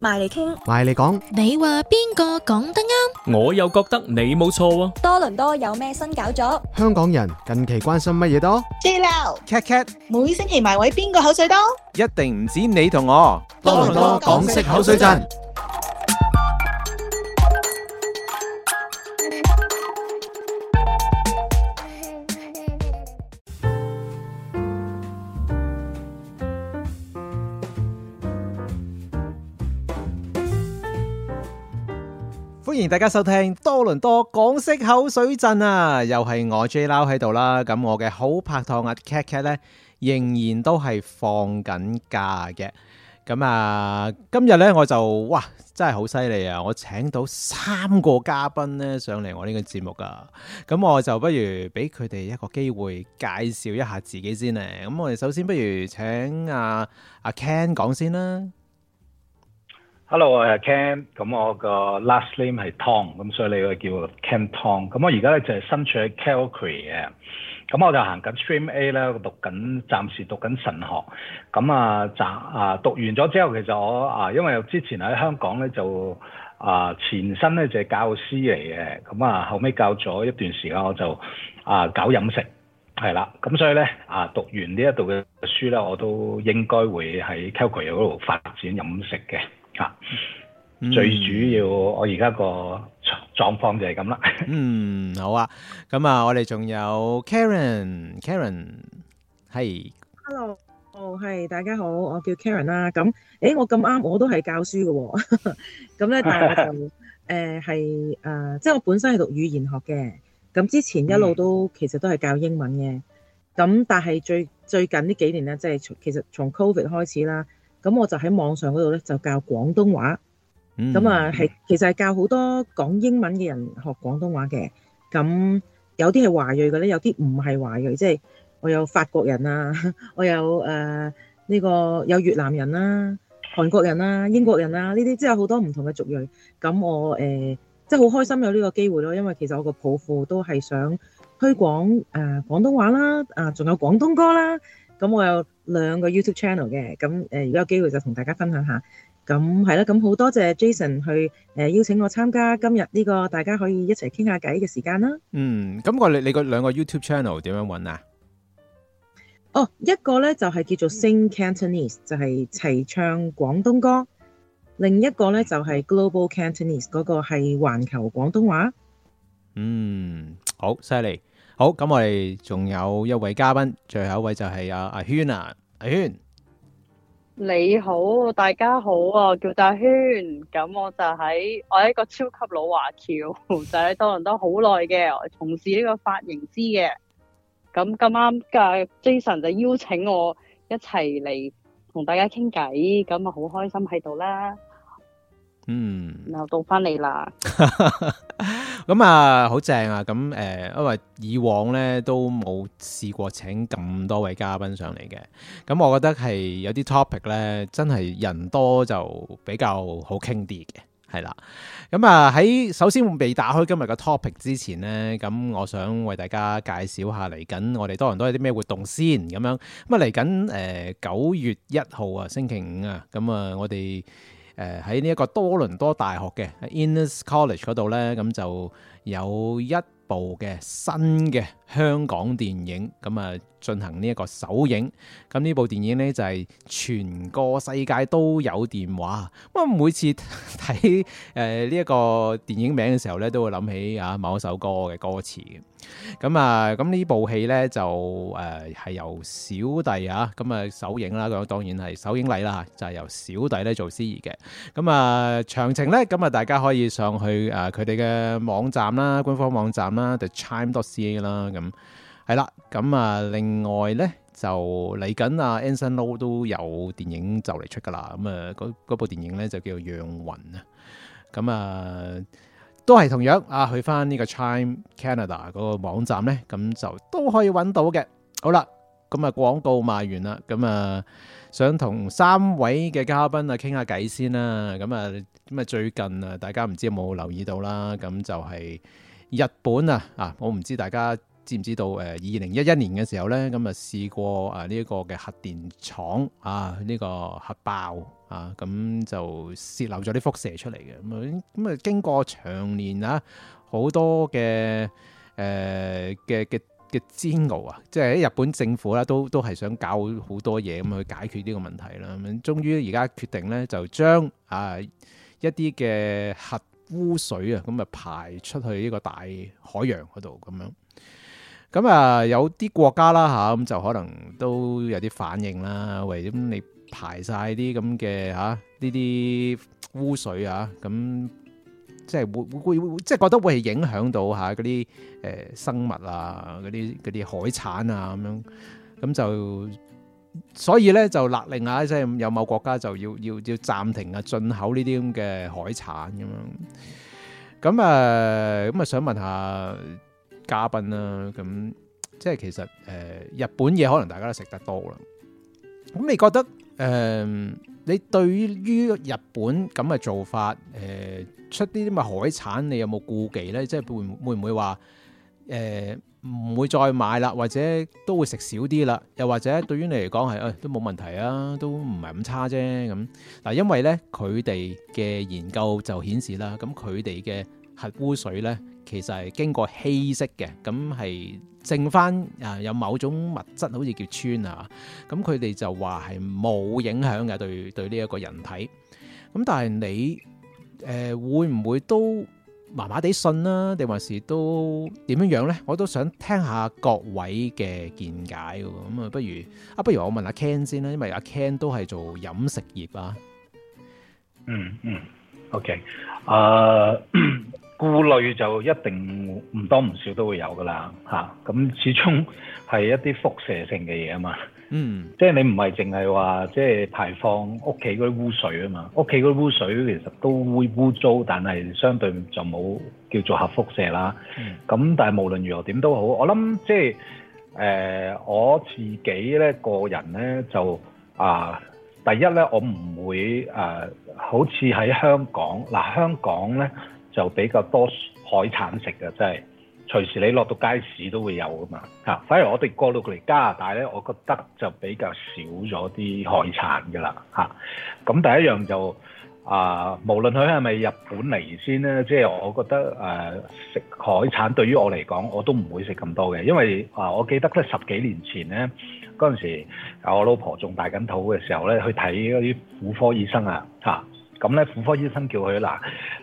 埋嚟傾，埋嚟講，你話邊個講得啱？我又覺得你冇錯。多倫多有咩新搞作？香港人近期關心乜嘢多？JLau、Kat Kat，每星期埋位邊個口水多？一定唔止你同我。多倫多港式口水陣。大家收聽多倫多港式口水陣啊！又係我 J 撈喺度啦。咁我嘅好拍檔阿、啊、Cat Cat 咧，仍然都係放緊假嘅。咁啊，今日咧我就哇，真係好犀利啊！我請到三個嘉賓咧上嚟我呢個節目噶。咁我就不如俾佢哋一個機會，介紹一下自己先呢。咁我哋首先不如請阿、啊、阿、啊、Ken 講先啦。Hello，我係 Ken。咁我個 last name 係 Tong，咁所以你個叫 Ken Tong。咁我而家咧就係身處喺 Calgary 嘅，咁我就行緊 Stream A 咧，我讀緊，暫時讀緊神學。咁啊，啊讀完咗之後，其實我啊，因為之前喺香港咧就啊前身咧就係教師嚟嘅，咁啊後尾教咗一段時間，我就啊搞飲食，係啦。咁所以咧啊讀完呢一度嘅書咧，我都應該會喺 Calgary 嗰度發展飲食嘅。啊、最主要我而家個狀況就係咁啦。嗯， 好啊。咁啊，我哋仲有 Caron，Caron，係，Hello，哦，係，大家好，我叫 Caron 啦。咁，誒，我咁啱我都係教書嘅喎、哦。咁 咧，但係我就誒，係 誒、呃呃，即係我本身係讀語言學嘅。咁之前一路都、嗯、其實都係教英文嘅。咁但係最最近呢幾年咧，即係其實從 Covid 開始啦。咁我就喺網上嗰度咧就教廣東話，咁、嗯、啊係其實係教好多講英文嘅人學廣東話嘅，咁有啲係華裔嘅咧，有啲唔係華裔，即、就、係、是、我有法國人啊，我有誒呢、呃這個有越南人啦、啊、韓國人啦、啊、英國人啦、啊，呢啲即係好多唔同嘅族裔。咁我誒即係好開心有呢個機會咯，因為其實我個抱負都係想推廣誒、呃、廣東話啦，啊、呃、仲有廣東歌啦。咁我有兩個 YouTube channel 嘅，咁誒，如果有機會就同大家分享下。咁係啦，咁好多謝 Jason 去誒邀請我參加今日呢個大家可以一齊傾下偈嘅時間啦。嗯，咁個你你個兩個 YouTube channel 點樣揾啊？哦，一個呢就係叫做 Sing Cantonese，就係齊唱廣東歌；另一個呢就係 Global Cantonese，嗰個係環球廣東話。嗯，好犀利！好，咁我哋仲有一位嘉賓，最後一位就係阿阿萱啊。阿萱，你好。大家好啊，叫做萱，咁我就喺我係一個超級老華僑，就喺多倫多好耐嘅，從事呢個髮型師嘅。咁咁啱嘅 Jason 就邀請我一齊嚟，同大家傾偈，咁啊好開心喺度啦。嗯，然後到翻你啦。咁啊，好正啊！咁誒，因為以往咧都冇試過請咁多位嘉賓上嚟嘅，咁我覺得係有啲 topic 咧，真係人多就比較好傾啲嘅，係啦。咁啊，喺首先未打開今日嘅 topic 之前咧，咁我想為大家介紹下嚟緊我哋多倫多有啲咩活動先咁樣。咁啊，嚟緊誒九月一號啊，星期五啊，咁啊，我哋。誒喺呢一個多倫多大學嘅 Innis College 嗰度咧，咁就有一部嘅新嘅香港電影咁啊，進行呢一個首映。咁呢部電影咧就係全個世界都有電話。咁啊，每次睇誒呢一個電影名嘅時候咧，都會諗起啊某一首歌嘅歌詞嘅。咁啊，咁呢部戲咧就誒係由小弟啊咁啊首映啦，咁當然係首映禮啦，就係由小弟咧做司儀嘅。咁啊，詳情咧咁啊，大家可以上去誒佢哋嘅網站啦，官方網站。啦 The Chime dot C A 啦，咁係啦，咁啊，另外咧就嚟緊啊 Anson Law 都有電影就嚟出噶啦，咁啊，嗰部電影咧就叫做《釀魂》啊，咁啊，都係同樣啊，去翻呢個 Chime Canada 嗰個網站咧，咁就都可以揾到嘅。好啦，咁啊，廣告賣完啦，咁啊，想同三位嘅嘉賓啊傾下偈先啦，咁啊，咁啊，最近啊，大家唔知有冇留意到啦，咁就係、是。日本啊啊，我唔知大家知唔知道誒，二零一一年嘅時候咧，咁、嗯、啊試過啊呢一個、這個嘅核電廠啊呢、這個核爆啊，咁、嗯、就泄漏咗啲輻射出嚟嘅。咁啊咁啊，經過長年啊好多嘅誒嘅嘅嘅煎熬啊，即係喺日本政府咧、啊、都都係想搞好多嘢咁去解決呢個問題啦。咁、嗯、終於而家決定咧，就將啊一啲嘅核污水啊，咁啊排出去呢個大海洋嗰度咁樣，咁啊有啲國家啦吓，咁、啊、就可能都有啲反應啦，喂，咁你排晒啲咁嘅吓，呢、啊、啲污水啊，咁即係會會會即係覺得會影響到嚇嗰啲誒生物啊，嗰啲啲海產啊咁樣，咁就。所以咧就勒令下，即係有某國家就要要要暫停啊進口呢啲咁嘅海產咁樣。咁啊咁啊想問下嘉賓啦，咁即係其實誒、呃、日本嘢可能大家都食得多啦。咁你覺得誒、呃、你對於日本咁嘅做法，誒、呃、出啲咁嘅海產，你有冇顧忌咧？即係會會唔會話誒？呃唔會再買啦，或者都會食少啲啦，又或者對於你嚟講係，誒、哎、都冇問題啊，都唔係咁差啫咁。嗱，因為咧佢哋嘅研究就顯示啦，咁佢哋嘅核污水咧其實係經過稀釋嘅，咁係剩翻啊有某種物質好似叫氚啊，咁佢哋就話係冇影響嘅對對呢一個人體。咁但係你誒、呃、會唔會都？麻麻地信啦、啊，定還是都點樣樣咧？我都想聽下各位嘅見解喎。咁啊，不如啊，不如我問阿 Ken 先啦，因為阿 Ken 都係做飲食業啊。嗯嗯，OK，誒、uh, 顧慮就一定唔多唔少都會有噶啦嚇。咁始終係一啲輻射性嘅嘢啊嘛。嗯，即係你唔係淨係話，即係排放屋企嗰啲污水啊嘛，屋企嗰啲污水其實都污污糟，但係相對就冇叫做核輻射啦。咁、嗯、但係無論如何點都好，我諗即係誒、呃，我自己咧個人咧就啊，第一咧我唔會誒、啊，好似喺香港嗱、呃，香港咧就比較多海產食嘅，真係。隨時你落到街市都會有㗎嘛，反而我哋過到嚟加拿大咧，我覺得就比較少咗啲海產㗎啦，咁、啊、第一樣就啊，無論佢係咪日本嚟先咧，即、就、係、是、我覺得誒、啊、食海產對於我嚟講，我都唔會食咁多嘅，因為啊，我記得咧十幾年前咧嗰陣時，我老婆仲大緊肚嘅時候咧，去睇嗰啲婦科醫生啊，啊咁咧，婦科醫生叫佢嗱，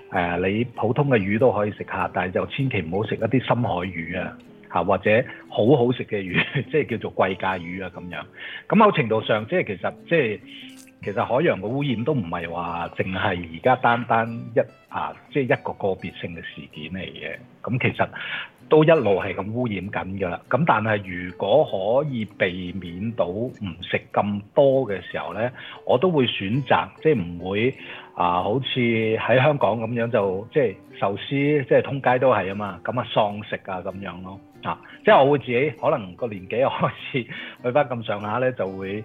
啊，你普通嘅魚都可以食下，但係就千祈唔好食一啲深海魚啊，吓或者好好食嘅魚，即係叫做貴價魚啊咁樣。咁某程度上，即係其實，即係其實海洋嘅污染都唔係話淨係而家單單一啊，即係一個個別性嘅事件嚟嘅。咁其實都一路係咁污染緊㗎啦。咁但係如果可以避免到唔食咁多嘅時候咧，我都會選擇，即係唔會。啊，好似喺香港咁樣就即係壽司，即係通街都係啊嘛，咁啊喪食啊咁樣咯，啊、即係我會自己可能個年紀又開始去翻咁上下咧，就會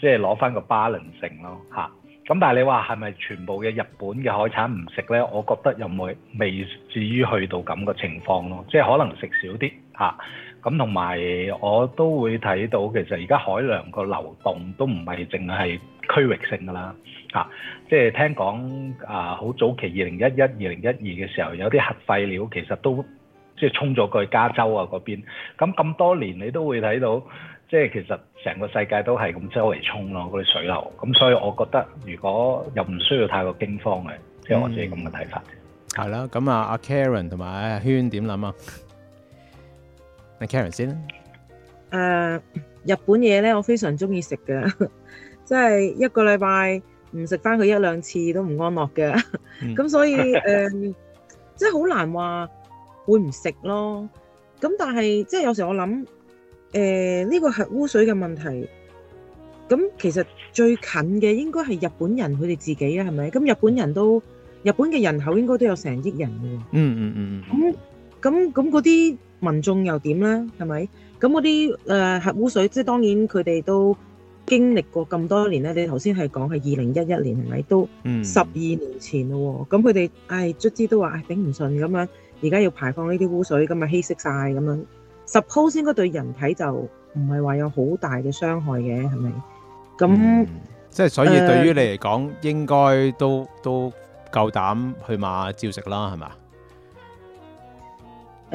即係攞翻個平衡性咯，嚇、啊。咁但係你話係咪全部嘅日本嘅海產唔食咧？我覺得又會未至於去到咁個情況咯，即係可能食少啲嚇。咁同埋我都會睇到其實而家海洋個流動都唔係淨係區域性㗎啦，啊即係聽講啊，好早期二零一一、二零一二嘅時候，有啲核廢料其實都即係衝咗過去加州啊嗰邊。咁咁多年，你都會睇到，即係其實成個世界都係咁周圍衝咯嗰啲水流。咁所以我覺得，如果又唔需要太過驚慌嘅，即係我自己咁嘅睇法。係啦，咁啊阿 Caron 同埋阿軒點諗啊？阿 Caron 先。誒，日本嘢咧，我非常鍾意食㗎，即係一個禮拜。唔食翻佢一兩次都唔安樂嘅，咁 所以誒、 呃，即係好難話會唔食咯。咁但係即係有時我諗，誒、呃、呢個核污水嘅問題，咁其實最近嘅應該係日本人佢哋自己啦，係咪？咁日本人都日本嘅人口應該都有成億人嘅喎。嗯嗯嗯嗯。咁咁嗰啲民眾又點咧？係咪？咁嗰啲誒核污水，即係當然佢哋都。經歷過咁多年咧，你頭先係講係二零一一年，係咪都十二年前咯喎？咁佢哋唉，卒之、哎、都話唉，頂唔順咁樣，而、哎、家要排放呢啲污水咁咪稀釋晒。咁樣，suppose 應該對人體就唔係話有好大嘅傷害嘅係咪？咁即係所以對於你嚟講、呃，應該都都夠膽去馬照食啦係咪？是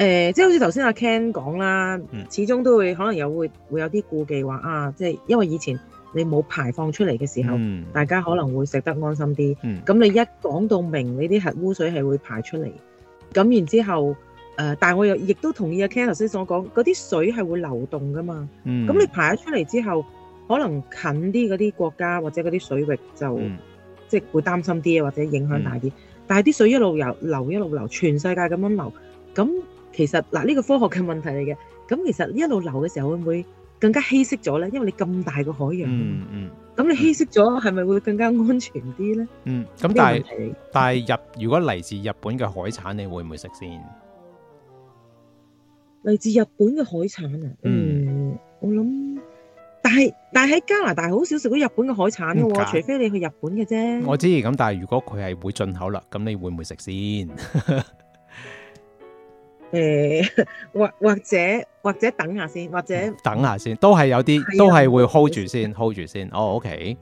誒、呃，即係好似頭先阿 Ken 講啦，始終都會可能有會會有啲顧忌話啊，即係因為以前你冇排放出嚟嘅時候、嗯，大家可能會食得安心啲。咁、嗯、你一講到明你啲核污水係會排出嚟，咁然之後誒、呃，但係我又亦都同意阿 Ken 頭先所講，嗰啲水係會流動㗎嘛。咁、嗯、你排咗出嚟之後，可能近啲嗰啲國家或者嗰啲水域就、嗯、即係會擔心啲啊，或者影響大啲、嗯。但係啲水一路流流一路流，全世界咁樣流，咁。其實嗱，呢個科學嘅問題嚟嘅，咁其實一路流嘅時候會唔會更加稀釋咗咧？因為你咁大個海洋，咁你稀釋咗係咪會更加安全啲咧？嗯，咁但係但係日如果嚟自日本嘅海產，你會唔會食先？嚟自日本嘅海產啊，嗯，我諗，但係但係喺加拿大好少食到日本嘅海產嘅喎，除非你去日本嘅啫。我知，咁但係如果佢係會進口啦，咁你會唔會食先？誒、欸，或或者或者等下先，或者等下先，都係有啲、啊，都係會 hold 住先，hold 住先。哦、oh,，OK，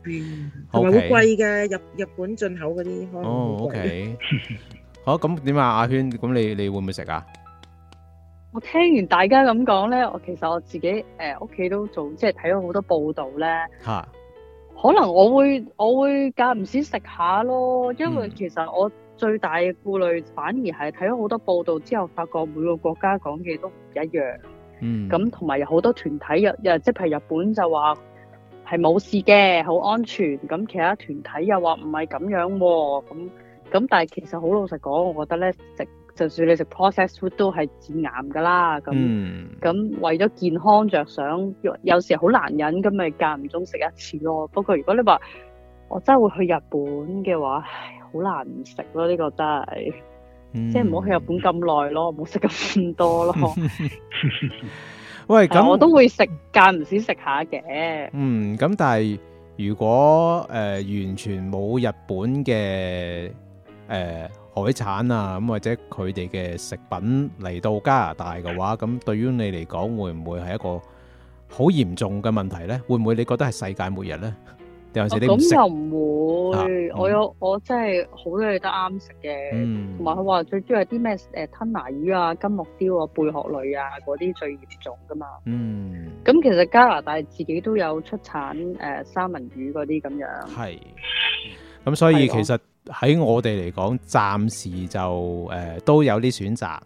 好貴嘅日日本進口嗰啲，哦、oh,，OK， 好，咁點啊，阿萱，咁你你會唔會食啊？我聽完大家咁講咧，我其實我自己誒，屋、呃、企都做，即係睇咗好多報道咧，吓，可能我會我會隔唔時食下咯，因為其實我，嗯最大嘅顧慮反而係睇咗好多報道之後，發覺每個國家講嘅都唔一樣。嗯。咁同埋有好多團體又又即係日本就話係冇事嘅，好安全。咁其他團體又話唔係咁樣喎、啊。咁咁但係其實好老實講，我覺得咧食就算你食 processed food 都係致癌㗎啦。咁咁、嗯、為咗健康着想，有時好難忍，咁咪間唔中食一次咯。不過如果你話我真係會去日本嘅話，好難食咯、啊，呢個真係，即係唔好去日本咁耐咯，唔好食咁多咯。 喂，咁我都會食間唔時食下嘅。嗯，咁但係如果誒、呃、完全冇日本嘅誒、呃、海產啊咁，或者佢哋嘅食品嚟到加拿大嘅話，咁對於你嚟講會唔會係一個好嚴重嘅問題呢？會唔會你覺得係世界末日呢？咁又唔會、啊嗯，我有我真係好多嘢都啱食嘅，同埋佢話最中意係啲咩誒吞拿魚啊、金目鯛啊、貝殼類啊嗰啲最嚴重噶嘛。嗯，咁其實加拿大自己都有出產誒、呃、三文魚嗰啲咁樣。係，咁所以其實喺我哋嚟講，暫時就誒、呃、都有啲選擇。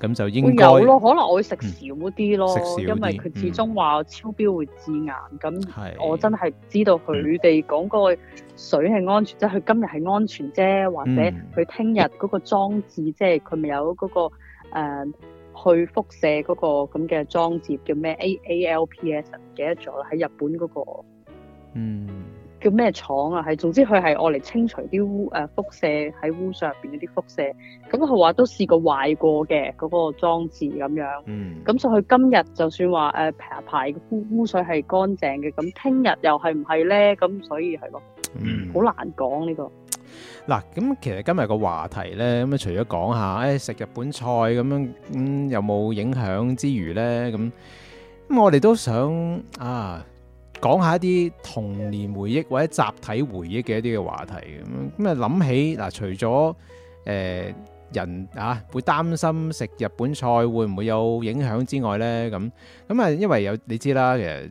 咁就應該有咯，可能我會食少啲咯、嗯少，因為佢始終話超標會致癌，咁、嗯、我真係知道佢哋講嗰個水係安全，即係佢今日係安全啫，或者佢聽日嗰個裝置，即係佢咪有嗰、嗰個、呃、去輻射嗰個咁嘅裝置叫咩 AALPS，唔記得咗啦，喺日本嗰、嗰個。嗯。叫咩廠啊？係，總之佢係愛嚟清除啲污誒輻射喺污水入邊嗰啲輻射。咁佢話都試過壞過嘅嗰、那個裝置咁樣。嗯。咁所以佢今日就算話誒、呃、排排污污水係乾淨嘅，咁聽日又係唔係咧？咁所以係咯，好、嗯、難講呢、這個。嗱、嗯，咁其實今日個話題咧，咁啊除咗講下誒、哎、食日本菜咁樣，咁、嗯、有冇影響之餘咧，咁咁我哋都想啊。講下一啲童年回憶或者集體回憶嘅一啲嘅話題，咁咁啊諗起嗱，除咗誒、呃、人啊會擔心食日本菜會唔會有影響之外咧，咁咁啊，因為有你知啦，其實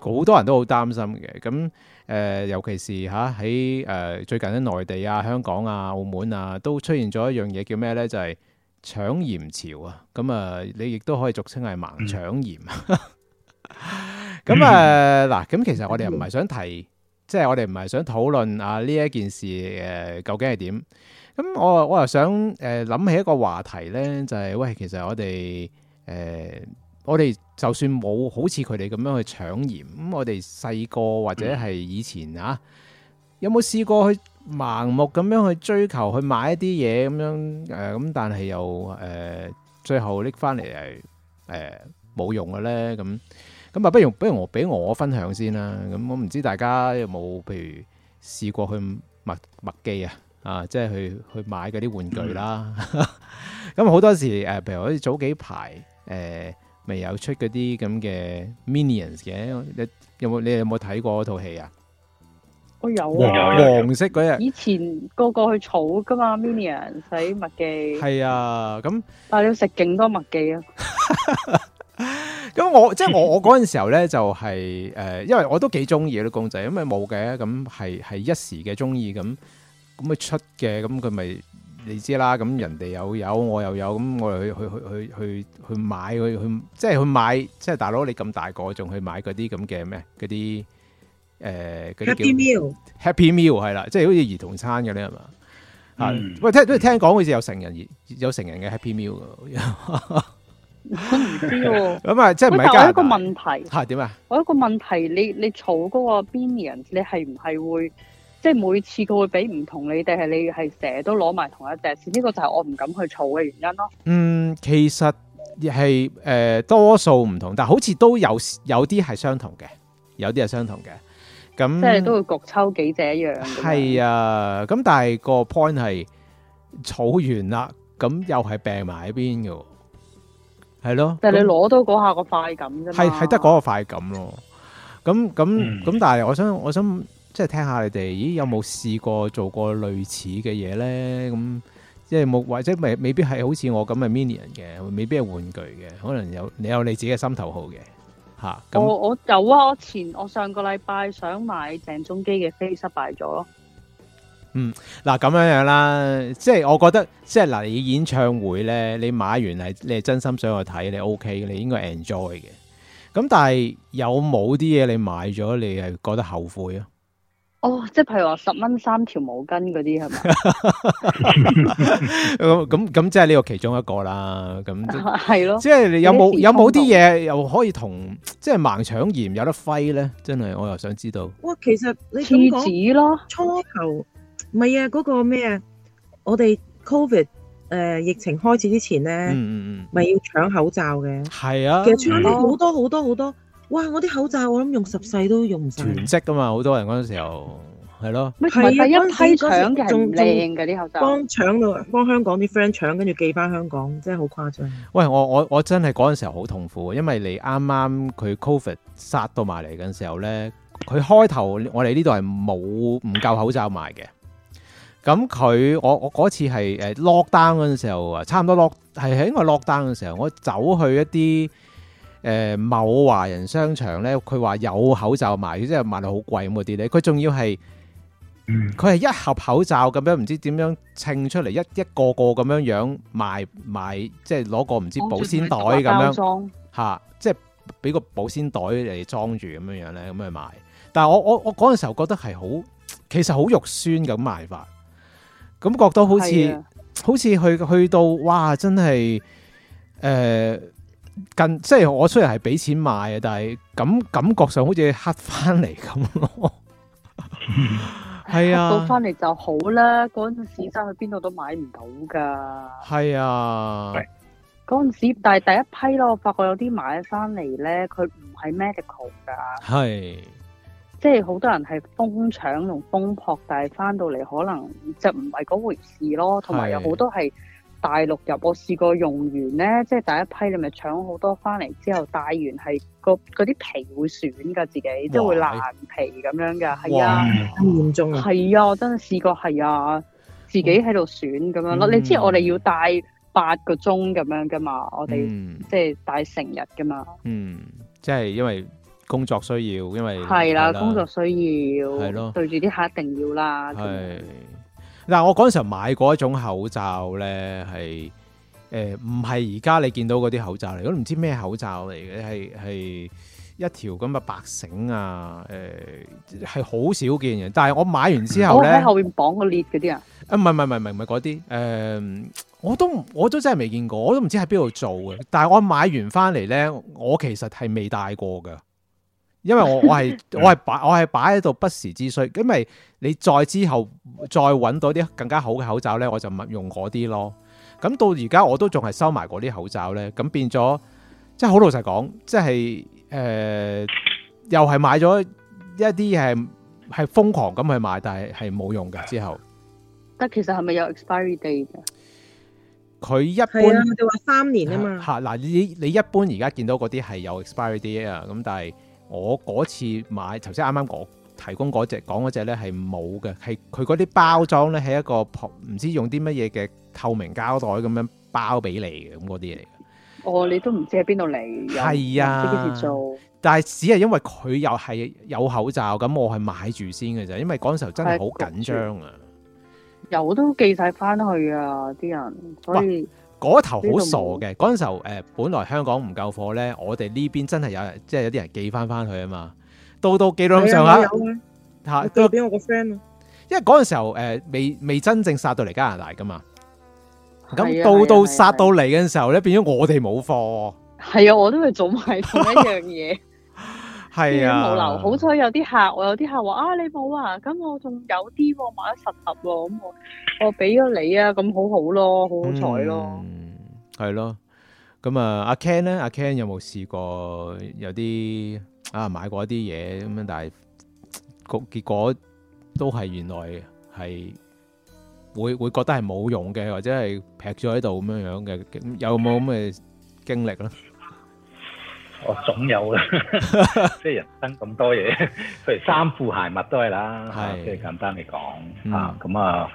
好多人都好擔心嘅。咁誒、呃，尤其是吓喺誒最近喺內地啊、香港啊、澳門啊，都出現咗一樣嘢叫咩咧？就係搶鹽潮啊！咁啊、呃，你亦都可以俗稱係盲搶鹽。嗯 咁誒嗱，咁其實我哋又唔係想提，即係我哋唔係想討論啊呢一件事究竟係點？咁我我又想諗起一個話題咧，就係喂，其實我哋我哋就算冇好似佢哋咁樣去搶鹽，咁我哋細個或者係以前啊，有冇試過去盲目咁樣去追求去買一啲嘢咁樣誒，咁，但係又最後拎翻嚟係冇用嘅咧咁。咁啊，不如不如我俾我分享先啦。咁我唔知大家有冇，譬如試過去麥麥記啊，啊，即係去去買嗰啲玩具啦。咁、嗯、好 多時誒、啊，譬如好似早幾排誒、啊，未有出嗰啲咁嘅 Minions 嘅，你有冇你有冇睇過嗰套戲啊？我有啊，黃色嗰日，以前個個去儲噶嘛 Minions，使麥記，係啊，咁但你要食勁多麥記啊。 咁 我即係、就是、我我嗰陣時候咧就係、是、誒、呃，因為我都幾中意啲公仔，因為冇嘅咁係係一時嘅中意咁咁佢出嘅，咁佢咪你知啦。咁人哋有有我又有，咁我又去去去去去去買去去，即係去買。即係大佬你咁大個仲去買嗰啲咁嘅咩？嗰啲誒，叫 Happy Meal，Happy Meal 係啦，即、就、係、是、好似兒童餐嘅咧係嘛吓。喂、mm.，聽都聽講好似有成人有成人嘅 Happy Meal。 我唔知哦。咁啊，即係唔係？但我有一個問題係點啊？我有一個問題，你你儲嗰個編年，你係唔係會即係每次佢會俾唔同你哋，係你係成日都攞埋同一隻？呢、這個就係我唔敢去儲嘅原因咯、啊。嗯，其實係誒、呃，多數唔同，但係好似都有有啲係相同嘅，有啲係相同嘅。咁即係都會局抽幾隻一樣。係啊，咁但係個 point 係儲完啦，咁又係病埋喺邊嘅。係咯，但係你攞到嗰下個快感啫係係得嗰個快感咯。咁咁咁，但係我想我想即係聽下你哋，咦有冇試過做過類似嘅嘢咧？咁即係冇，或者未未必係好似我咁嘅 mini 人嘅，未必係玩具嘅，可能有你有你自己嘅心頭好嘅嚇、啊。我我有啊，我前我上個禮拜想買鄭中基嘅飛失敗咗咯。嗯，嗱，咁樣樣啦，即係我覺得即係嗱，你演唱會咧，你買完係你係真心想去睇，你 OK 嘅你應該 enjoy 嘅。咁但係有冇啲嘢你買咗，你係覺得後悔啊？哦，即係譬如話十蚊三條毛巾嗰啲係咪？咁 咁 即係呢個其中一個啦。咁係咯，即係你有冇有冇啲嘢又可以同即係盲搶期有得揮咧？真係我又想知道。哇，其實你點講？廁紙咯，初球。唔係啊！嗰個咩啊？我哋 covid 誒、呃、疫情開始之前咧，咪、嗯、要搶口罩嘅係啊。其實搶咗好多好多好多,很多哇！我啲口罩我諗用十世都用唔晒。囤積㗎嘛，好多人嗰陣時候係咯，唔係第一批搶嘅仲仲靚㗎啲口罩，幫搶到幫香港啲 friend 搶，跟住寄翻香港，真係好誇張。喂，我我我真係嗰陣時候好痛苦，因為你啱啱佢 covid 殺到埋嚟嘅時候咧，佢開頭我哋呢度係冇唔夠口罩賣嘅。咁佢我我嗰次係誒 lockdown 嗰陣時候啊，差唔多 lock 係喺我 lockdown 嘅時候，我走去一啲誒某華人商場咧，佢話有口罩賣，即係賣到好貴咁嗰啲咧。佢仲要係佢係一盒口罩咁樣，唔知點樣稱出嚟一一個個咁樣樣賣賣，賣，即係攞個唔知保鮮袋咁樣、啊、即係俾個保鮮袋嚟裝住咁樣樣咧咁去賣。但係我我我嗰陣時候覺得係好其實好肉酸咁賣法。感覺到好似好似去去到哇，真係誒、呃、近，即係我雖然係俾錢買啊，但係感感覺上好似黑翻嚟咁咯。係 啊，到翻嚟就好啦。嗰陣時真係去邊度都買唔到噶。係啊，嗰陣時但係第一批咯，我發覺有啲買翻嚟咧，佢唔係 medical 噶。係。即係好多人係瘋搶同瘋撲，但係翻到嚟可能就唔係嗰回事咯。同埋有好多係大陸入，我試過用完咧，即係第一批你咪搶好多翻嚟之後帶完是，係嗰啲皮會損噶，自己即係會爛皮咁樣噶。係啊，好嚴重啊！係啊，我真係試過係啊，自己喺度損咁樣咯。你知我哋要帶八個鐘咁樣噶嘛？我哋即係帶成日噶嘛？嗯，即係因為，工作需要，因為係啦，工作需要係咯，對住啲客一定要啦。係，嗱，我嗰陣時候買過一種口罩咧，係、呃、誒，唔係而家你見到嗰啲口罩嚟，我都唔知咩口罩嚟嘅，係係一條咁嘅白繩啊，誒、呃，係好少見嘅。但係我買完之後咧，哦、後邊綁個裂嗰啲啊，啊、呃，唔係唔係唔係唔係嗰啲，誒、呃，我都我都真係未見過，我都唔知喺邊度做嘅。但係我買完翻嚟咧，我其實係未戴過嘅。 因為我係我係我係擺我係擺喺度不時之需，咁咪你再之後再揾到啲更加好嘅口罩咧，我就咪用嗰啲咯。咁到而家我都仲係收埋嗰啲口罩咧，咁變咗即係好老實講，即係誒、呃、又係買咗一啲係係瘋狂咁去買，但係係冇用嘅。之後但其實係咪有 expiry day 嘅？佢一般就話、啊、三年嘛，啊嘛，嗱、啊、你，你一般而家見到嗰啲係有 expiry day 啊，咁但係。我嗰次買，頭先啱啱我提供嗰隻講嗰隻咧係冇嘅，係佢嗰啲包裝咧係一個唔知用啲乜嘢嘅透明膠袋咁樣包俾你嘅，咁嗰啲嚟嘅。哦，你都唔知喺邊度嚟？係啊，幾時做？但係只係因為佢又係有口罩，咁我係買住先嘅啫。因為嗰陣時候真係好緊張啊！有都寄晒翻去啊，啲人所以。嗰頭好傻嘅，嗰陣時候誒，本來香港唔夠貨咧，我哋呢邊真係有，即係有啲人寄翻翻去啊嘛，到到寄到咁上下，嚇，寄到俾我個 friend 啊，因為嗰陣時候誒未未真正殺到嚟加拿大噶嘛，咁到到殺到嚟嘅時候咧，變咗我哋冇貨，係啊，我都係做埋同一樣嘢。 係啊，無留好彩有啲客，我有啲客話啊，你冇啊，咁我仲有啲喎，買咗十盒喎，咁我我俾咗你啊，咁好好咯，好好彩咯，係咯，咁啊，阿 Ken 咧，阿 Ken 有冇試過有啲啊買過一啲嘢咁樣，但係個結果都係原來係會會覺得係冇用嘅，或者係劈咗喺度咁樣樣嘅，有冇咁嘅經歷咧？我、哦、總有啦， 即係人生咁多嘢，譬如衫褲鞋襪都係啦，即係、啊、簡單嚟講啊。咁、嗯、啊，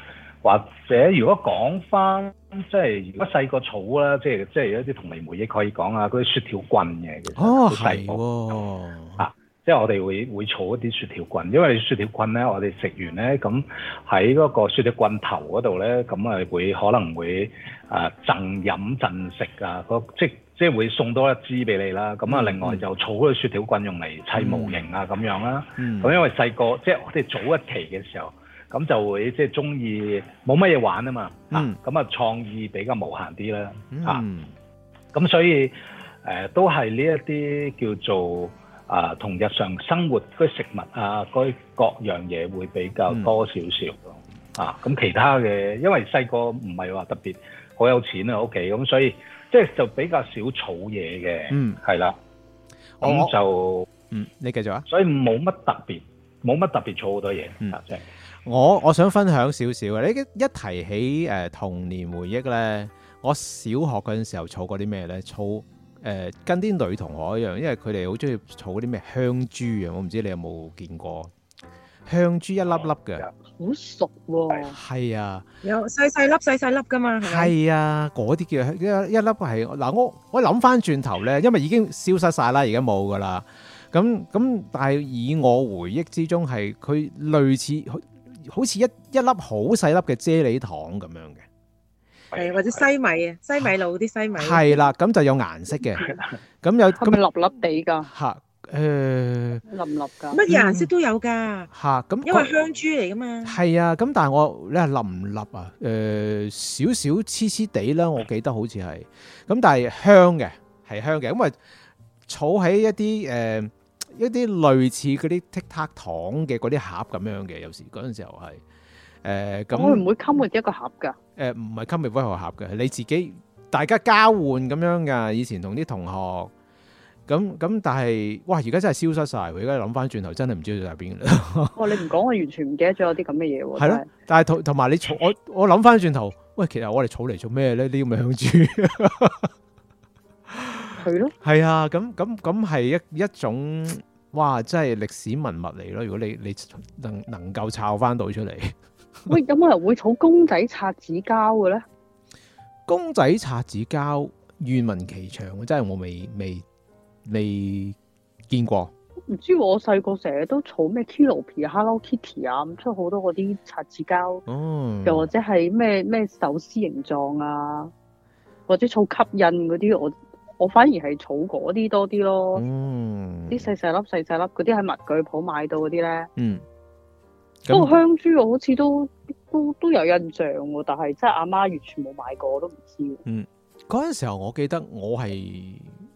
或者如果講翻，即係如果細個儲啦，即係即係一啲童年回憶可以講啊。嗰啲雪條棍嘅，哦係喎，啊，即係我哋會會儲一啲雪條棍，因為雪條棍咧，我哋食完咧，咁喺嗰個雪條棍頭嗰度咧，咁啊會可能會啊、呃、贈飲贈食啊，即即係會送多一支俾你啦，咁啊另外就儲嗰啲雪條棍用嚟砌模型啊咁樣啦。咁、嗯嗯、因為細個即係我哋早一期嘅時候，咁就會即係中意冇乜嘢玩啊嘛。咁、嗯、啊創意比較無限啲啦。咁、嗯啊、所以、呃、都係呢一啲叫做啊同日常生活嗰啲食物啊嗰啲各樣嘢會比較多少少咯。啊咁其他嘅因為細個唔係話特別好有錢啊，屋企咁所以。即係就比較少儲嘢嘅，嗯，係啦，咁就，嗯，你繼續啊，所以冇乜特別，冇乜特別儲好多嘢，嗯，我我想分享少少嘅，你一提起誒、呃、童年回憶咧，我小學嗰陣時候儲過啲咩咧？儲誒、呃、跟啲女同學一樣，因為佢哋好中意儲嗰啲咩香珠啊，我唔知你有冇見過，香珠一粒粒嘅。嗯嗯好熟喎，係啊，有細細粒細細粒㗎嘛，係啊，嗰啲叫一一粒係，嗱，我我諗返轉頭咧，因為已經消失晒啦，而家冇㗎喇。咁咁但係以我回憶之中係佢類似好似一一粒好細粒嘅啫喱糖咁樣嘅，係，或者西米啊，西米露啲西米，係啦，咁就有顏色嘅，咁有咁粒粒地嘅，吓。誒、呃，淋淋噶，乜嘢顏色都有噶。吓、嗯，咁因為香珠嚟噶嘛。係啊，咁但係我，你係淋唔淋啊？誒，少少黐黐地啦，我記得好似係。咁但係香嘅，係香嘅，因為儲喺一啲誒、呃，一啲類似嗰啲 TikTok 糖嘅嗰啲盒咁樣嘅，有時嗰陣時候係誒咁。我、呃、唔會摳滅、呃、一個盒噶。誒，唔係摳滅一個盒噶，你自己大家交換咁樣噶。以前同啲同學。咁咁，但係哇，而家真係消失曬。而家諗翻轉頭，真係唔知佢喺邊嘅啦。哇！你唔講，我完全唔記得咗有啲咁嘅嘢喎。係咯，但係同同埋你儲，我我諗翻轉頭，喂，其實我哋儲嚟做咩咧？你要咪向住係咯，係啊。咁咁咁係一一種哇，真係歷史文物嚟咯。如果你你能能夠抄翻到出嚟，喂，咁我又會儲公仔擦紙膠嘅咧。公仔擦紙膠，願聞其詳。真係我未未。你見過，唔知我細個成日都儲咩 Kilopie、Hello Kitty 啊，咁出好多嗰啲擦紙膠，又、嗯、或者係咩咩手撕形狀啊，或者儲吸引嗰啲，我我反而係儲嗰啲多啲咯。嗯，啲細細粒、細細粒嗰啲喺文具鋪買到嗰啲咧。嗯，不過香珠我好似都都都，都有印象喎、啊，但係真係阿媽完全冇買過，我都唔知、啊。嗯，嗰陣時候我記得我係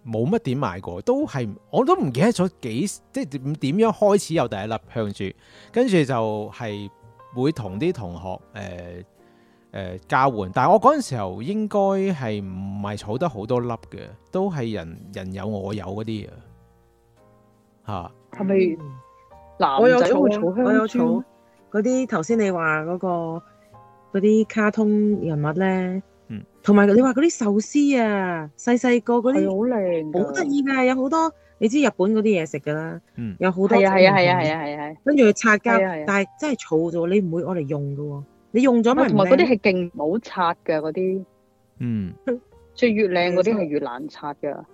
冇乜點買過，都係我都唔記得咗幾即點點樣開始有第一粒香珠，跟住就係會同啲同學誒誒、呃呃、交換。但係我嗰陣時候應該係唔係儲得好多粒嘅，都係人人有我有嗰啲啊嚇。係咪嗱，我有儲我有儲，嗰啲頭先你話嗰、嗰個嗰啲卡通人物咧？嗯，同埋你話嗰啲壽司啊，細細個嗰啲好靚，好得意㗎，有好多你知日本嗰啲嘢食㗎啦、嗯，有好多係啊係啊係啊係啊跟住、啊啊、去拆家、啊啊啊，但係真係燥咗，你唔會攞嚟用嘅喎、哦，你用咗咪同埋嗰啲係勁冇擦嘅嗰啲，嗯，即係越靚嗰啲係越難擦㗎。嗯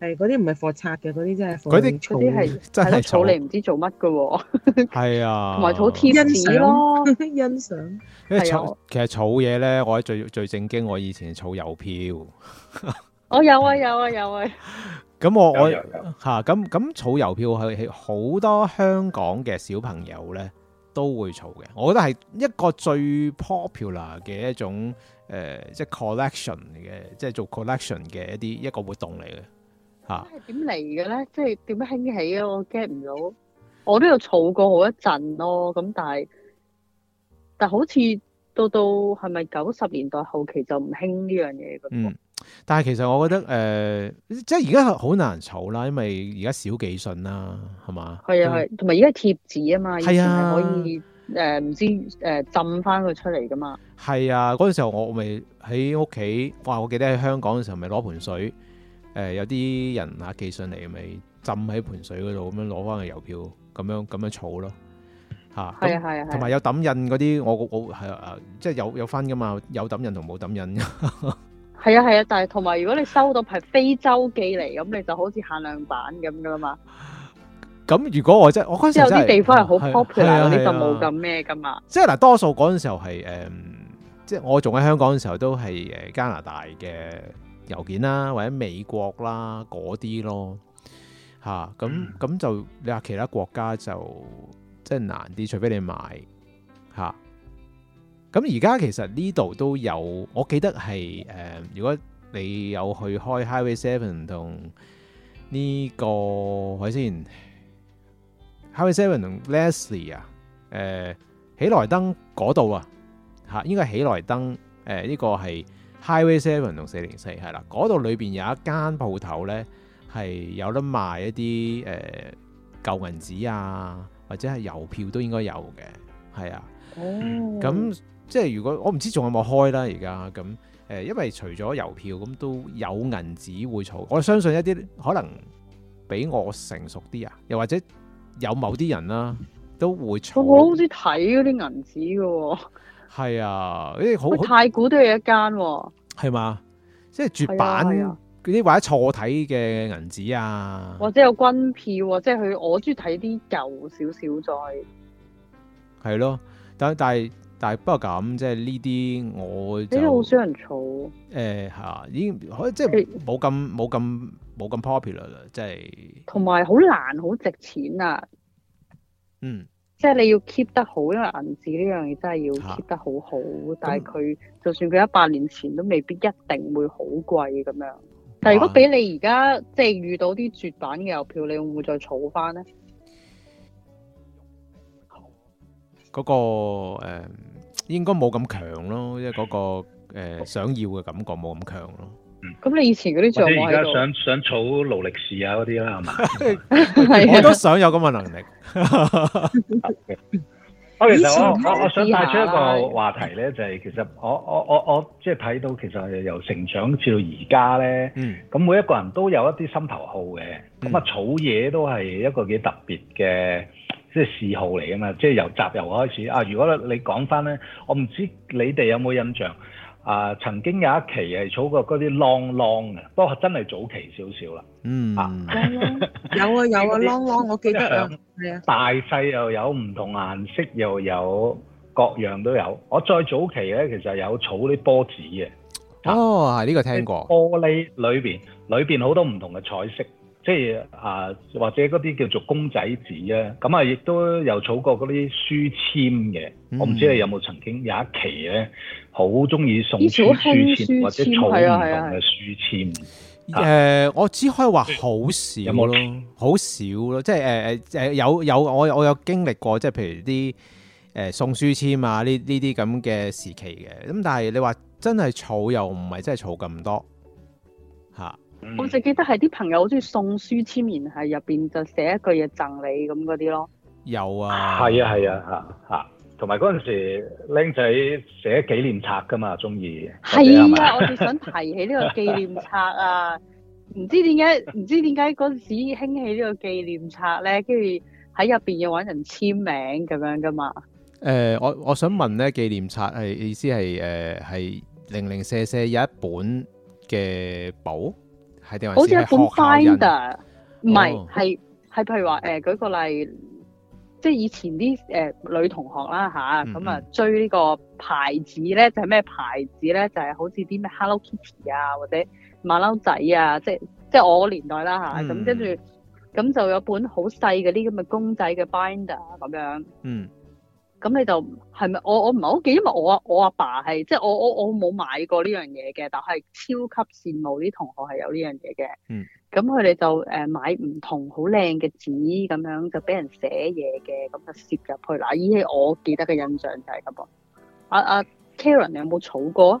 係嗰啲唔係貨拆嘅，嗰啲真係。嗰啲嗰啲係真係儲，你唔知做乜嘅喎。係啊，埋儲貼紙咯，欣賞。啲儲、啊、其實儲嘢咧，我最最正經，我以前係儲郵票。我有啊， 有啊，有啊，有啊。咁、嗯、我我嚇咁咁儲郵票係好多香港嘅小朋友咧都會儲嘅，我覺得係一個最 popular 嘅一種誒、呃，即係 collection 嘅，即係做 collection 嘅一啲一個活動嚟嘅。即係點嚟嘅咧？即係點樣興起啊？我 get 唔到。我都有儲過好一陣咯，咁但係，但好似到到係咪九十年代後期就唔興呢樣嘢嘅？嗯，但係其實我覺得誒、呃，即係而家好難儲啦，因為現在小是是、嗯、而家少寄信啦，係嘛？係啊，係，同埋而家貼紙啊嘛，以前係可以誒，唔、啊呃、知誒、呃、浸翻佢出嚟噶嘛？係啊，嗰陣時候我咪喺屋企，哇！我記得喺香港嘅時候咪攞盆水。誒、啊，有啲人啊寄上嚟咪浸喺盆水嗰度，咁樣攞翻個郵票，咁樣咁樣儲咯，吓。係啊係啊，同埋有抌印嗰啲，我我係啊，即係有有分噶嘛，有抌印同冇抌印。係啊係啊，但係同埋如果你收到係非洲寄嚟，咁你就好似限量版咁噶嘛。咁 如果我，我真我嗰時有啲地方係好 popular，你就冇咁咩噶嘛。即係嗱，多數嗰陣時候係誒，即係我仲喺香港嘅時候都係誒加拿大嘅。郵件啦，或者美國啦嗰啲咯，嚇咁咁就你話其他國家就真係難啲，除非你買嚇。咁而家其實呢度都有，我記得係誒、呃，如果你有去開 Highway Seven 同呢個睇先，Highway Seven 同 Leslie 啊，誒喜來登嗰度啊，嚇、啊、應該係喜來登，誒、呃、呢、呢個係。Highway Seven 同四零四係啦，嗰度裏邊有一間鋪頭咧，係有得賣一啲誒舊銀紙啊，或者係郵票都應該有嘅，係啊。哦、oh. 嗯，咁即係如果我唔知仲有冇開啦而家咁誒，因為除咗郵票咁都有銀紙會儲，我相信一啲可能比我成熟啲啊，又或者有某啲人啦、啊、都會儲。我好似睇嗰啲銀紙嘅。係啊，啲好太古都有一間，哦，係嘛，即係絕版嗰啲或者錯體嘅銀紙啊，或者有軍票、即係、少少啊，即係佢我中意睇啲舊少少再，係咯，但但係但係不過咁即係呢啲我即係好、欸、少人儲，誒、呃、吓已經即係冇咁冇咁冇咁 popular 啦，即係同埋好難好值錢啊，嗯。即、就、係、是、你要 keep 得好，因為銀紙呢樣嘢真係要 keep 得好好。啊、但係佢就算佢一百年前都未必一定會好貴咁樣。但係如果俾你而家、啊、即係遇到啲絕版嘅郵票，你會唔會再儲翻咧？嗰、嗰個誒、呃、應該冇咁強咯，即係嗰個、呃、想要嘅感覺冇咁強咯。咁你以前嗰啲做喺度？或者我而家想在想儲勞力士啊嗰啲啦，係嘛？係 我都想有咁嘅能力 okay, 我。我其實我我想帶出一個話題咧， 就係其實我我我我即係睇到，其實由成長至到而家咧，咁、嗯、每一個人都有一啲心頭好嘅。咁啊，儲嘢都係一個幾特別嘅即係嗜好嚟噶嘛。即係由集郵開始啊。如果你講翻咧，我唔知你哋有冇印象。啊、呃，曾經有一期係儲過嗰啲啷啷，嘅，不過真係早期少少啦。嗯 l 有啊有啊啷啷、啊，我記得係、啊、大細又有唔同顏色又有各樣都有。我再早期咧，其實有儲啲波子嘅。哦，係、啊、呢、這個聽過。玻璃裏邊，裏邊好多唔同嘅彩色。即係啊，或者嗰啲叫做公仔紙啊，咁啊，亦都有儲過嗰啲書籤嘅、嗯。我唔知你有冇曾經有一期咧，好中意送書,書籤或者儲唔同嘅書籤、啊啊啊啊呃。我只可以話好少，好少咯。即係誒誒誒，有有我我有經歷過，即係譬如啲誒、呃、送書籤啊，呢呢啲咁嘅時期嘅。咁但係你話真係儲又唔係真係儲咁多。我就記得係啲朋友好中意送書簽名，係入邊就寫一句嘢贈你咁嗰啲咯。有啊，係啊，係啊，嚇嚇、啊。同埋嗰陣時，僆仔寫紀念冊噶嘛，中意。係啊，我哋想提起呢個紀念冊啊，唔 知點解唔知點解嗰陣時興起呢個紀念冊咧，跟住喺入邊要揾人簽名咁樣噶嘛。誒、呃，我我想問咧，紀念冊係意思係誒係零零舍舍有一本嘅簿。好似一本 Binder，唔係係係譬如話誒、呃、舉個例，即係以前啲、呃、女同學啦吓，咁、嗯、啊、嗯、追呢個牌子咧，就係、是、咩牌子咧？就係、是、好似啲咩 Hello Kitty 啊，或者馬騮仔啊，即即我嗰年代啦吓，咁跟住咁就有一本好細嘅啲咁嘅公仔嘅 Binder 咁樣，嗯。咁你就係咪我我唔係好記，因為我阿我阿爸係即係我我我冇買過呢樣嘢嘅，但係超級羨慕啲同學係有呢樣嘢嘅。嗯。咁佢哋就誒、呃、買唔同好靚嘅紙咁樣就俾人寫嘢嘅，咁就攝入去嗱。呢啲我記得嘅印象就係咁咯。啊阿、啊、Caron，你有冇儲過啊？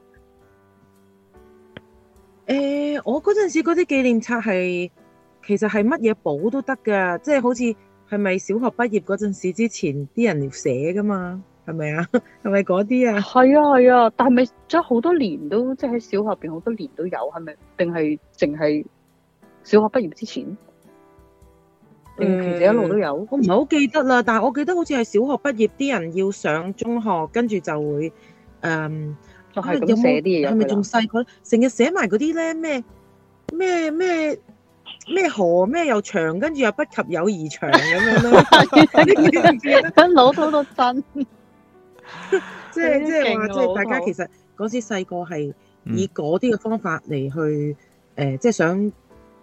誒、欸，我嗰陣時嗰啲紀念冊係其實係乜嘢簿都得㗎，即係好似。係咪小學畢業嗰陣時之前啲人要寫噶嘛？係咪啊？係咪嗰啲啊？係啊係啊，但係咪即係好多年都即係喺小學邊好多年都有，係咪？定係淨係小學畢業之前？定其實一路都有？我唔係好記得啦，但係我記得好似係小學畢業啲人要上中學，跟住就會誒，就係咁寫啲嘢入去。係咪仲細個？成日寫埋嗰啲咧咩咩咩？有咩河咩又長，跟住又不及友誼長咁樣咯， 跟老土到震，即係即係話，即係大家其實嗰、嗯、時細個係以嗰啲嘅方法嚟去誒、呃，即係想。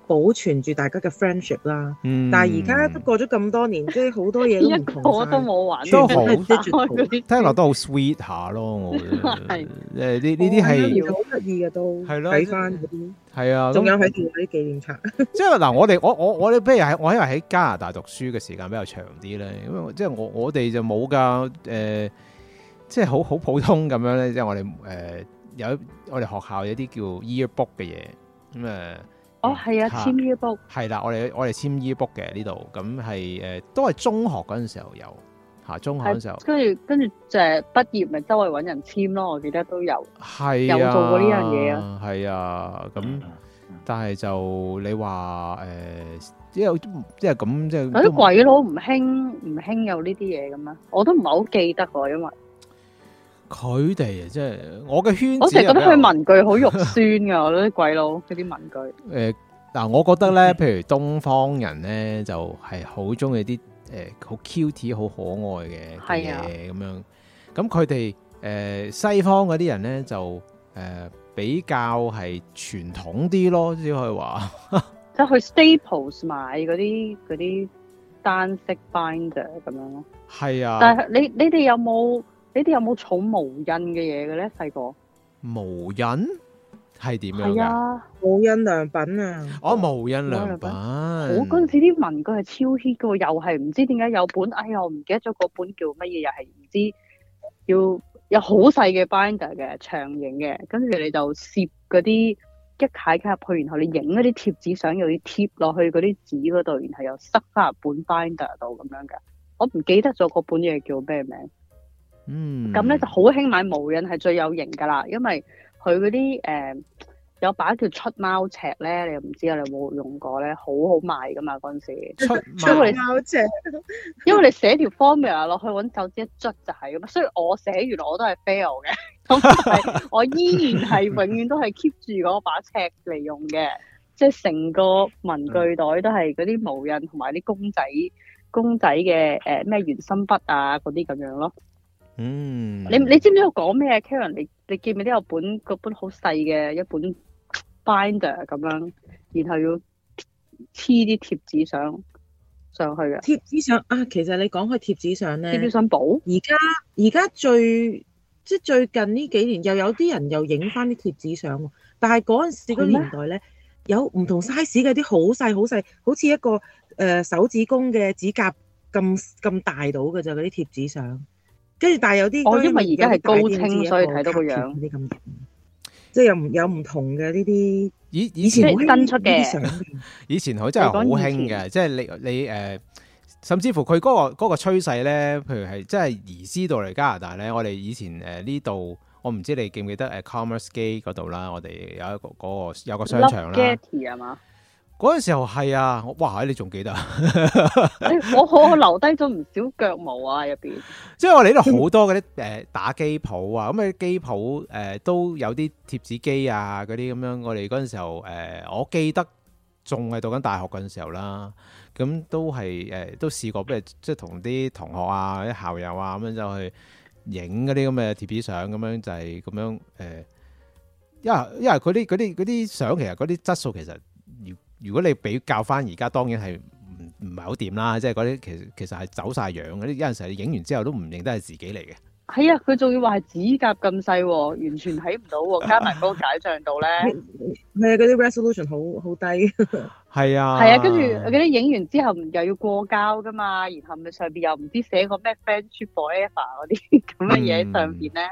保存住大家嘅 friendship 啦，但係而家過咗咁多年，即係好多嘢都唔同，一個我都冇玩，都好即係絕好。聽落都好 sweet 下咯，我覺得係即係呢呢啲係好得意嘅都係咯，睇翻啲係啊，仲、哦、有喺住嗰啲紀念冊。即係嗱，我哋我我我哋不如係我因為喺加拿大讀書嘅時間比較長啲咧， 因為即係我我哋就冇噶誒，即係好好普通咁樣咧，即係我哋誒、呃、有我哋學校有啲叫 yearbook 嘅嘢咁啊。嗯哦，係啊，簽 Ebook 係啦，我哋我哋簽 Ebook 嘅呢度，咁係誒，都係中學嗰陣時候有吓，中學嗰時候，跟住跟住就係畢業咪周圍搵人簽咯，我記得都有，係有做過呢樣嘢啊，係啊，咁但係就你話誒，即係即係咁即係，嗰啲鬼佬唔興唔興有呢啲嘢咁啊，我都唔係好記得喎，因為。佢哋啊，即係我嘅圈子，我成日覺得佢文具好肉酸㗎，嗰啲鬼佬嗰啲文具。誒嗱，我覺得咧，譬如東方人咧，就係好中意啲誒好 cute、好可愛嘅嘢咁樣。咁佢哋誒西方嗰啲人咧，就誒、呃、比較係傳統啲咯，只可以話。即 去 Staples 買嗰啲啲單色 Binder 咁樣咯。係啊，但係你你哋有冇？有沒有呢啲有冇儲無印嘅嘢嘅咧？細個無印係點樣啊？無印良品啊！我、哦、無印良品，我嗰陣時啲文具係超 hit 嘅，又係唔知點解有本，哎呀，我唔記得咗嗰本叫乜嘢，又係唔知要有好細嘅 Binder 嘅長形嘅，跟住你就攝嗰啲一楷卡入去，然後你影嗰啲貼紙相又貼落去嗰啲紙嗰度，然後又塞翻入本 Binder 度咁樣嘅。我唔記得咗嗰本嘢叫咩名。嗯，咁咧就好興買無印係最有型噶啦，因為佢嗰啲誒有把叫出貓尺咧，你又唔知啊？你有冇用過咧？好好賣噶嘛，嗰陣時出出貓尺，因為你， 因為你寫條 formula 落去，搵手指一捽就係咁。所以我寫完我都係 fail 嘅，咁 但係我依然係永遠都係 keep 住嗰把尺嚟用嘅，即係成個文具袋都係嗰啲無印同埋啲公仔公仔嘅誒咩原心筆啊嗰啲咁樣咯。嗯，你你知唔知我講咩 Caron 你你見唔見都有本本好細嘅一本 Binder 咁樣，然後要黐啲貼紙相上去嘅貼紙相啊。其實你講開貼紙相咧，貼紙相簿而家而家最即係最近呢幾年又有啲人又影翻啲貼紙相，但係嗰陣時嗰年代咧有唔同 size 嘅啲好細好細，好似一個誒、呃、手指公嘅指甲咁咁大到嘅啫。嗰啲貼紙相。跟住，但係有啲哦，因為而家係高清，所以睇到個樣啲咁，即係有唔有唔同嘅呢啲。以以前佢係新出嘅，以前佢真係好興嘅。即係、嗯、你你誒、呃，甚至乎佢嗰、嗰個嗰、嗰個趨勢咧，譬如係即係移師到嚟加拿大咧。我哋以前誒呢度，我唔知你記唔記得誒 Commerce Gate 嗰度啦，我哋有一個嗰、嗰個、嗰個、有個商場啦。嗰陣時候係啊，哇！你仲記得？ 我我留低咗唔少腳毛啊入邊，即係我哋呢度好多嗰啲誒打機鋪啊，咁啊機鋪誒都有啲貼紙機啊嗰啲咁樣。我哋嗰陣時候誒，我記得仲係讀緊大學嗰陣時候啦，咁都係誒都試過，不如即係同啲同學啊、啲校友啊咁樣就去影嗰啲咁嘅貼紙相，咁樣就係咁樣誒。因為因為啲嗰啲啲相，其實嗰啲質素其實。如果你比較翻而家，當然係唔唔係好掂啦，即係嗰啲其實其實係走晒樣，啲有陣時候你影完之後都唔認得係自己嚟嘅。係啊，佢仲要話係指甲咁細，完全睇唔到喎，加埋嗰個解像度咧。係 啊，嗰啲 resolution 好好低。係 啊。係啊，跟住嗰啲影完之後，又要過膠噶嘛，然後咪上邊又唔知寫個咩 friendship forever 嗰啲咁嘅嘢喺上邊咧、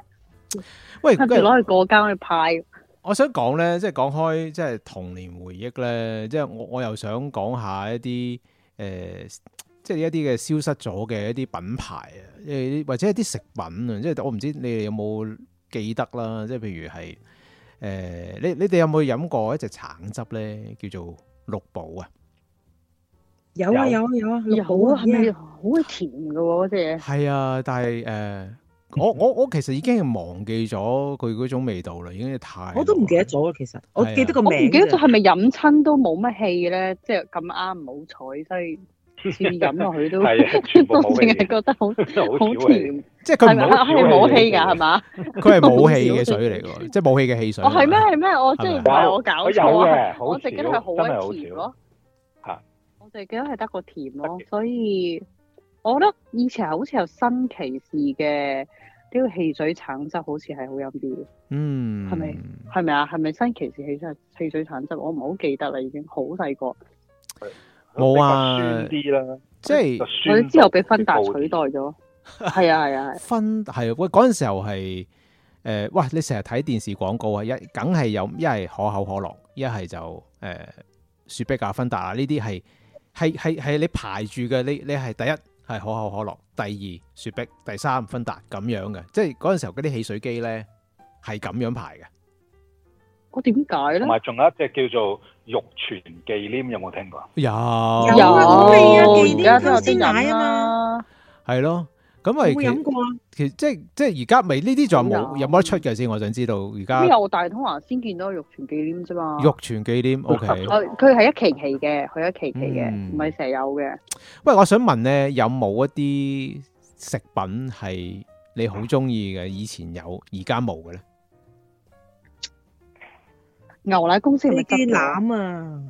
嗯。喂，跟住攞去過膠去派。我想講咧，即係講開，即係童年回憶咧，即係我我又想講一下一啲誒，即、呃、係、就是、一啲嘅消失咗嘅一啲品牌啊，誒或者一啲食品啊，即係我唔知道你哋有冇記得啦，即係譬如係誒、呃，你你哋有冇飲過一隻橙汁咧，叫做綠寶，啊啊啊、寶啊？有啊有啊有啊，綠寶係咪好甜嘅、哦？嗰隻嘢！係啊，但係誒。呃我我我其實已經忘記咗佢嗰種味道啦，已經太我都唔記得咗啦。其實我記得個名，我唔記得咗係咪飲親都冇乜氣咧，即係咁啱唔好彩，所以先飲落去都都淨係覺得好好甜。即係佢係冇係冇氣㗎，係嘛？佢係冇氣嘅水嚟㗎，即係冇氣嘅汽水。哦，係咩係咩？我即係唔係我搞錯啊？我淨係覺得好甜咯。嚇！我淨係記得係得個甜咯，所以我覺得以前好似有新奇士嘅。啲汽水橙汁好似係好飲啲嘅，嗯，係咪？係咪啊？係咪新奇士汽水汽水橙汁？我唔好記得啦，已經好細個，冇啊，酸啲啦，即、就、係、是，或者之後俾芬達取代咗，係 啊係啊係，芬係喂嗰陣時候係，誒、呃，哇！你成日睇電視廣告啊，一梗係有一係可口可樂，一係就誒、呃、雪碧啊芬達啊，呢啲係係係係你排住嘅，你你係第一。係可口可樂，第二雪碧，第三芬達咁樣嘅，即係嗰陣時候嗰啲汽水機咧係咁樣排嘅。我點解咧？同埋仲有一隻叫做玉泉忌廉，有冇聽過？有有。有！有！有、啊！有有、啊！奶啊嘛。係咯。咁、嗯、係、啊、其實即係即係而家咪呢啲仲有冇有冇得、嗯、出嘅先，我想知道而家又大統華先見到玉泉忌廉啫嘛？玉泉忌廉，O K，佢係一期期嘅，佢一期期嘅，唔係成日有嘅。喂，我想問咧，有冇一啲食品係你好中意嘅，以前有，而家冇嘅咧？牛奶公司是是飛機欖啊，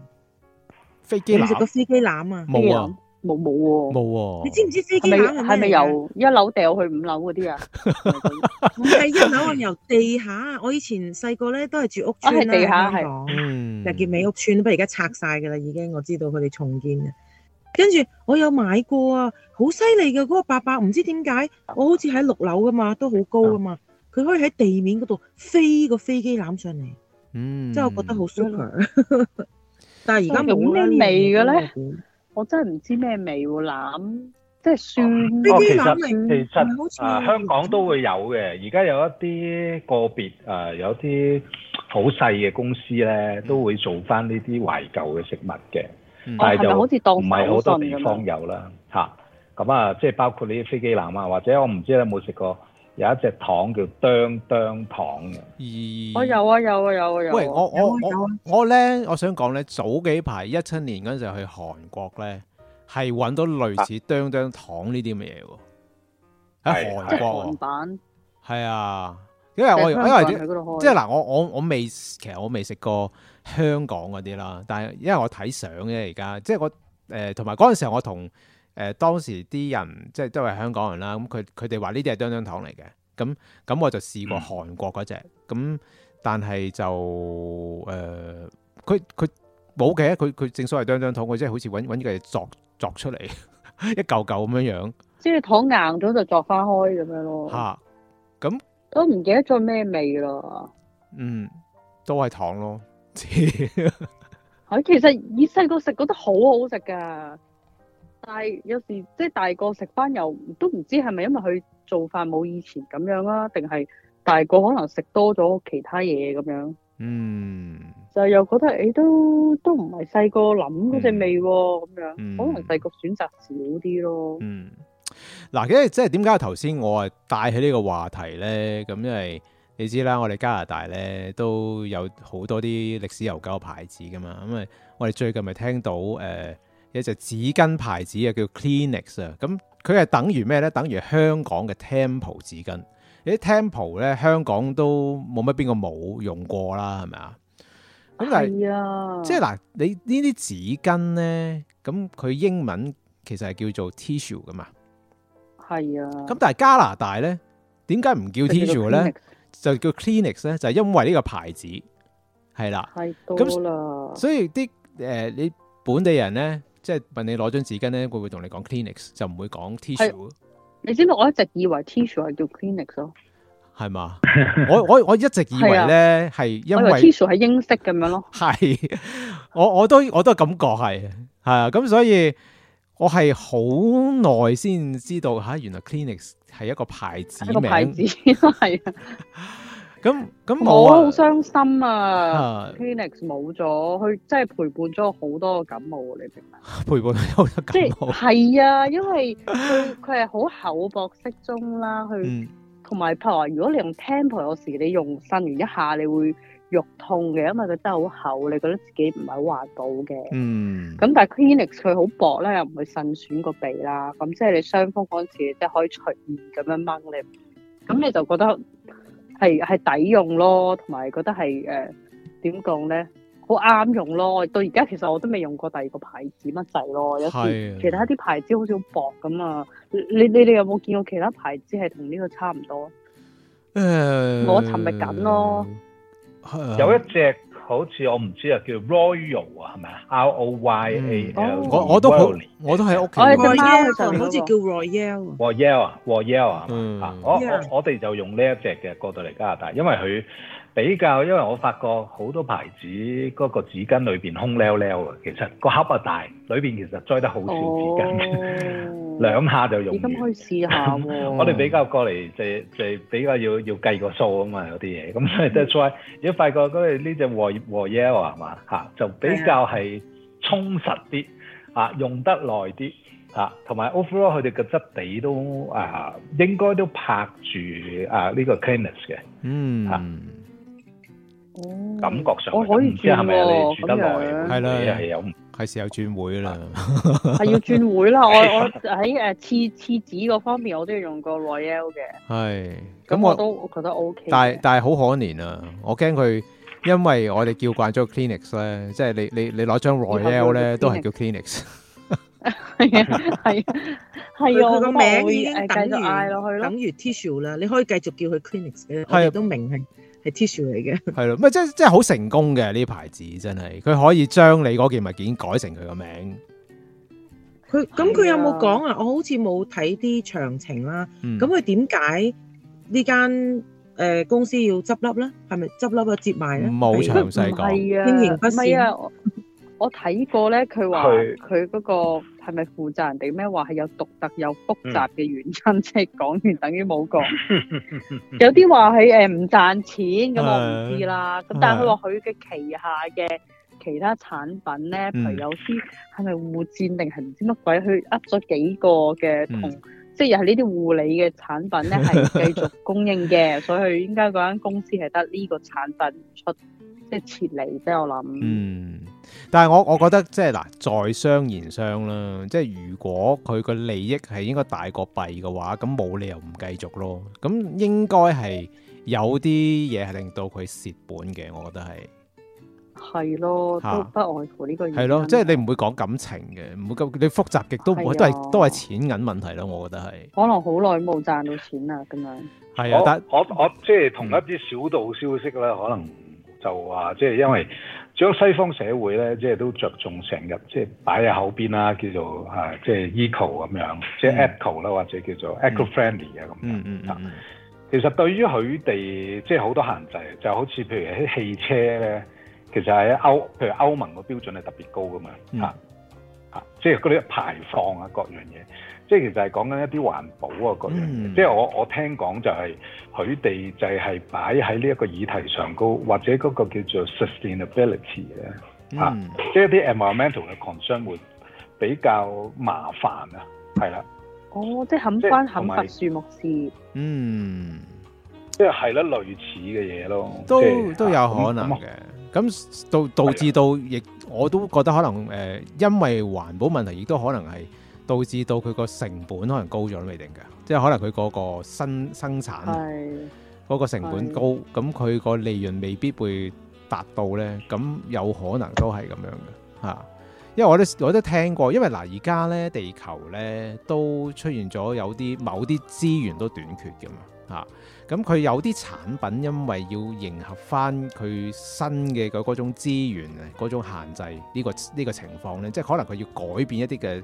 飛機，你食個飛機欖啊？冇啊！冇冇喎，冇喎。你知唔知飛機欖係咪由一樓掉去五樓嗰啲啊？唔 係一樓啊，由地下。我以前細個咧都係住屋村啦，咁講就叫美屋村。不過而家拆晒噶啦，已經我知道佢哋重建。跟住我有買過啊，好犀利噶嗰個伯伯，唔知點解我好似喺六樓噶嘛，都好高噶嘛，佢可以喺地面嗰度飛個飛機欖上嚟。嗯。即係我覺得好 super、嗯、 但係而家冇啦。咩味嘅咧？我真係唔知咩味喎，欖即係酸。呢、哦、啲其實其實啊，香港都會有嘅。而家有一啲個別啊，有啲好細嘅公司咧，都會做翻呢啲懷舊嘅食物嘅、嗯。但係就好似唔係好多地方有啦，嚇、哦。咁啊，即係包括呢啲飛機欖啊，或者我唔知你有冇食過？有一隻糖叫叮叮糖嘅，我、哦、有啊有啊有啊有啊。喂，我、啊、我我我咧，我想講咧，早幾排一七年嗰陣去韓國咧，係揾到類似叮叮糖呢啲嘅嘢喎。喺、啊、韓國版、啊，係啊，因為在那的我因為即係嗱，我我我未其實我未食過香港嗰啲啦，但係因為我睇相啫，而家即係我誒同埋嗰陣時候我同。誒、呃，當時啲人即係都係香港人啦，咁佢佢哋話呢啲係叮叮糖嚟嘅，咁咁我就試過韓國嗰隻，咁、嗯、但係就誒，佢佢冇嘅，佢佢正所謂叮叮糖，佢即係好似搵搵嘢鑿鑿出嚟，一嚿嚿咁樣樣，即係糖硬咗就鑿翻開咁樣咯。吓、啊，咁都唔記得咗咩味咯？嗯，都係糖咯。我 其實以細個食覺得好好食噶。但係有時即係大個食翻又都唔知係咪因為佢做法冇以前咁樣啊，定係大個可能食多咗其他嘢咁樣。嗯，就又覺得誒、欸、都都唔係細個諗嗰隻味喎咁、嗯、樣，可能細個選擇少啲咯。嗯，嗱其實即係點解頭先我啊帶起呢個話題咧？咁因為你知啦，我哋加拿大咧都有好多啲歷史悠久嘅牌子噶嘛，咁我哋最近咪聽到誒。呃有一隻紙巾牌子啊，叫 Kleenex 啊，咁佢係等於咩咧？等於香港嘅 Tempo 紙巾。你 Tempo 咧，香港都冇乜邊個冇用過啦，係咪啊？咁但係，即係嗱，你呢啲紙巾咧，咁佢英文其實係叫做 Tissue 噶嘛。係啊。咁但係加拿大咧，點解唔叫 Tissue 咧？就叫 Kleenex 咧，就係因為呢個牌子係啦。太多啦。所以啲誒、呃，你本地人咧。即係問你攞張紙巾咧，會唔會同你講 Clinics 就唔會講 Tissue。你知唔知我一直以為 Tissue 係叫 Clinics 咯，係嘛？我我我一直以為咧係、啊、因為 Tissue 係英式咁樣咯。係我我都我都感覺係係啊，咁所以我係好耐先知道吓、啊，原來 Clinics 係一,一個牌子名，一個牌子係啊。咁咁、啊、我好傷心啊，Kleenex 冇咗，佢、uh, 真係陪伴咗好多, 多感冒你明唔明？陪伴咗好多感冒，係啊，因為佢佢係好厚薄適中啦。佢同埋譬如話，如果你用 Tempo，有時你用呻完一下，你會肉痛嘅，因為佢真係好厚，你覺得自己唔係好滑到嘅。嗯。咁但係 Kleenex 佢好薄咧，又唔會腎損個鼻啦。咁即係你傷風嗰陣時，即、就、係、是、可以隨便咁樣掹你，咁你就覺得。係係抵用咯，同埋覺得係誒，點講咧？好啱用咯。到而家其實我都未用過第二個牌子乜滯咯，有時其他啲牌子好似好薄咁啊！你你你，你有冇見過其他牌子係同呢個差唔多？誒、嗯，我尋覓緊咯。有一隻。好似我唔知啊，叫 Royal 啊，係咪啊？R O Y A L，我我都好，我都喺屋企。我係、oh, 嗯、Royal，好似叫 Royal。Royal 啊，Royal 啊，嚇、嗯 oh, yeah.！我我哋就用呢一隻嘅過到嚟加拿大，因為佢。比較，因為我發覺好多牌子嗰個紙巾裏面空溜溜，嘅，其實個盒啊大，裏面其實載得好少紙巾兩、oh, 兩下就用完了。可以試下、哦、 我哋比較過嚟就就比較要要計個數啊嘛，嗰啲嘢咁所以都係。如果發覺嗰啲呢隻和和野話嘛嚇，就比較係充實啲 啊，用得耐啲啊，同埋 Overall 佢哋嘅質地都啊應該都拍住啊呢、呢個 cleanness 嘅嗯嚇。Mm-hmm. 啊。感覺上我可以轉喎，轉得耐係啦，又係有係時候轉會啦，係要轉會啦。我我喺誒廁廁紙嗰方面，我都要用個 Royal 嘅。係咁，我都覺得 OK。但係但係好可憐啊！我驚佢，因為我哋叫慣咗 Kleenex 咧，即係你你你攞張 Royal 咧，都係叫 Kleenex。係啊係啊係啊，佢個名已經繼續嗌落去，等於 Tissue 啦。你可以繼續叫佢 Kleenex 嘅，你都明係。係 tissue 嚟嘅，係咯，咪即係即係好成功嘅呢啲牌子，真係佢可以將你嗰件物件改成佢個名。佢咁佢有冇講啊？我好似冇睇啲詳情啦。咁佢點解呢間誒公司要執笠咧？係咪執笠啊？接埋咧？冇詳細講，經營不善。我睇過咧，佢話佢嗰個係咪負責人哋咩？話係有獨特又複雜嘅原因，即、嗯、係、就是、講完等於冇講。 有啲話係唔賺錢，咁我唔知啦。咁、啊、但係佢話佢嘅旗下嘅其他產品咧，嗯、如有啲係咪護墊定係唔知乜鬼？佢噏咗幾個嘅同，即係又係呢啲護理嘅產品咧，係繼續供應嘅， 所以應該嗰間公司係得呢個產品出，即、就、係、是、撤離啫。我諗。嗯但係我我覺得即係嗱，在商言商啦，即係如果佢個利益係應該大過弊嘅話，咁冇理由唔繼續咯。咁應該係有啲嘢係令到佢蝕本嘅，我覺得係係咯，都不外乎呢個原因。係咯，即係你唔會講感情嘅，唔會咁你複雜極都唔會，都係都係錢銀問題咯。我覺得係可能好耐冇賺到錢啦，咁樣係啊。但我我即係同一啲小道消息啦，可能就話即係因為。嗯如果西方社會咧，即係都着重成日，即係擺喺口邊啦，叫做、啊、即係 eco 咁樣，嗯、即係 eco 啦，或者叫做 eco-friendly 啊咁樣。嗯，嗯，嗯，嗯。其實對於佢哋，即係好多限制，就好似譬如喺汽車咧，其實喺歐，譬如歐盟嘅標準係特別高噶嘛、嗯啊，即係嗰啲排放啊，各樣嘢。即係其實係講緊一啲環保啊，嗰、嗯、樣。即係我我聽講就係佢哋就係擺喺呢一個議題上高，或者嗰個叫做 sustainability 咧、嗯、嚇、啊，即係一啲 environmental 嘅 concern 會比較麻煩啊，係啦。哦，即啲砍翻砍伐樹木樹，嗯，即係係啦，類似嘅嘢咯，都、就是、都有可能嘅。咁、嗯、導導致到亦我都覺得可能誒、呃，因為環保問題，亦都可能係。導致到佢個成本可能高咗都未定嘅，即係可能佢嗰個新生，生產嗰、嗰個成本高，咁佢個利潤未必會達到呢。咁有可能都係咁樣嘅嚇、啊，因為我都我都聽過，因為嗱而家呢，地球呢都出現咗有啲某啲資源都短缺嘅嘛嚇，咁、啊、佢有啲產品因為要迎合翻佢新嘅嗰嗰種資源嗰種限制呢、呢個呢、呢個情況呢，即係可能佢要改變一啲嘅。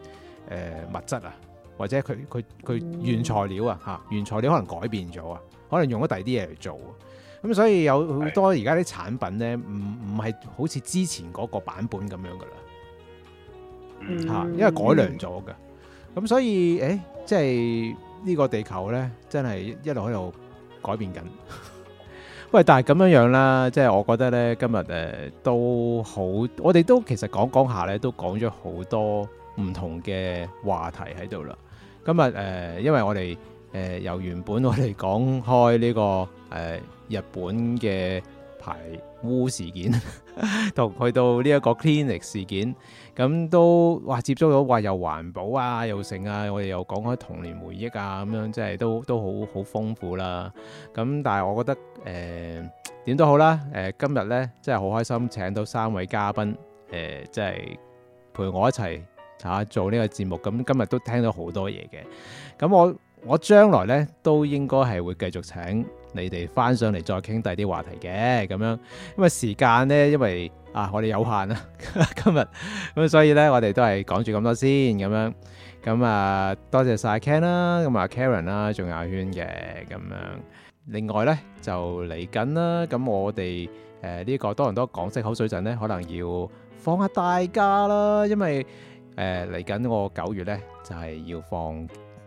誒，物質啊，或者佢佢佢原材料啊，吓、嗯、原材料可能改變咗啊，可能用咗第二啲嘢嚟做，咁所以有好多而家啲產品咧，唔唔係好似之前嗰個版本咁樣噶啦，吓、嗯，因為改良咗噶，咁、嗯、所以誒，即係呢個地球咧，真係一路喺度改變緊。喂， 但係咁樣樣啦，即係我覺得咧，今日誒都好，我哋都其實講講下咧，都講咗好多。唔同嘅話題喺度啦。今日誒、呃，因為我哋誒、呃、由原本我哋講開呢、這個誒、呃、日本嘅排污事件，同去到呢一個 clinic 事件，咁、嗯、都哇接觸到，話又環保啊，又剩啊，我哋又講開童年回憶啊，咁樣即係都都好好豐富啦。咁、嗯、但係我覺得誒點都好啦。誒、呃、今日咧真係好開心，請到三位嘉賓誒，即、呃、係陪我一齊。嚇做呢個節目咁，今日都聽到好多嘢嘅。咁我我將來呢都應該係會繼續請你哋翻上嚟，再傾第啲話題嘅咁樣，因為時間呢，因為啊，我哋有限啊，今日咁，所以呢我哋都係講住咁多先咁樣。咁啊，多謝晒 Ken 啦，咁啊 Caron 啦，仲有阿 Huen 嘅咁樣。另外呢就嚟緊啦，咁我哋誒呢個多倫多港式口水陣呢，可能要放下大家啦，因為。誒嚟緊，我九月咧就係、是、要放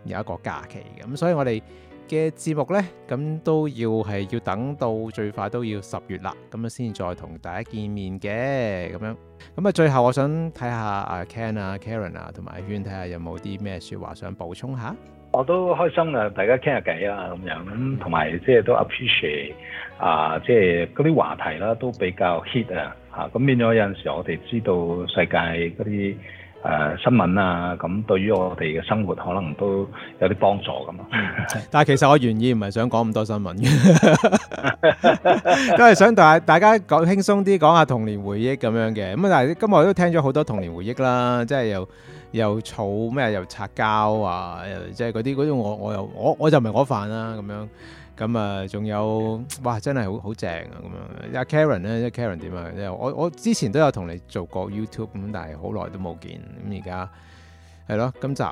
有一個假期嘅，咁所以我哋嘅節目咧，咁都要係要等到最快都要十月啦，咁啊先再同大家見面嘅，咁樣。咁啊，最後我想睇下啊 Ken 啊 Caron 啊同埋阿軒睇下有冇啲咩説話想補充下？我都開心啊，大家傾下偈啊，咁樣咁，同埋即係都 appreciate 啊、呃，即係嗰啲話題啦，都比較 hit 啊，嚇咁變咗有陣時我哋知道世界嗰啲。誒、呃、新聞啊，咁對於我哋嘅生活可能都有啲幫助咁、。 嗯、但其實我原意唔係想講咁多新聞， 都係想大大家講輕鬆啲，講下童年回憶咁樣嘅。咁但係今日我都聽咗好多童年回憶啦，即係又又吵咩，又拆膠啊，即係嗰啲嗰啲我我又我我就唔係我犯啦咁樣。咁啊，仲有哇，真係好好正啊！咁樣阿 Caron 咧，即 Caron 點啊？即係我我之前都有同你做過 YouTube 咁，但係好耐都冇見。咁而家係咯，今集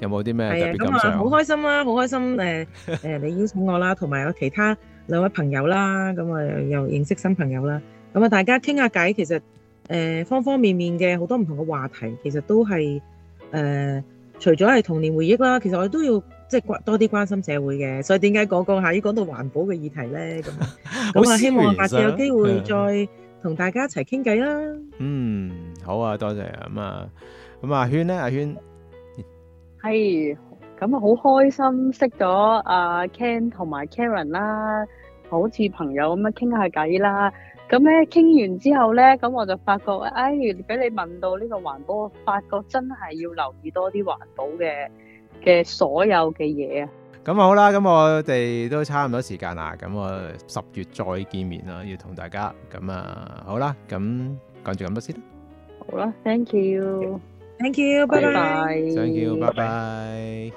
有冇啲咩特別感想？好、啊、開心啦、啊，好開心！誒、呃、誒，你邀請我啦，同 埋有其他兩位朋友啦，咁啊又，又認識新朋友啦。咁啊，大家傾下偈，其實誒、呃、方方面面嘅好多唔同嘅話題，其實都係誒、呃，除咗係童年回憶啦，其實我都要。即係關多啲關心社會嘅，所以點解講講下要講到環保嘅議題咧？咁咁啊，希望下次有機會再同大家一齊傾偈啦。嗯，好啊，多謝。咁啊，咁阿 Huen 咧？阿 Huen 係，咁啊，好開心識咗阿 Ken 同埋 Caron 啦，好似朋友咁樣傾下偈啦。咁咧傾完之後咧，咁我就發覺，哎，俾你問到呢個環保，我發覺真係要留意多啲環保嘅。嘅所有嘅嘢啊，咁啊好啦，咁我哋都差唔多時間啦，咁我十月再見面啦，要同大家，咁啊好啦，咁講住咁多先啦，好啦，Thank you，Thank you，拜拜，Thank you，拜拜。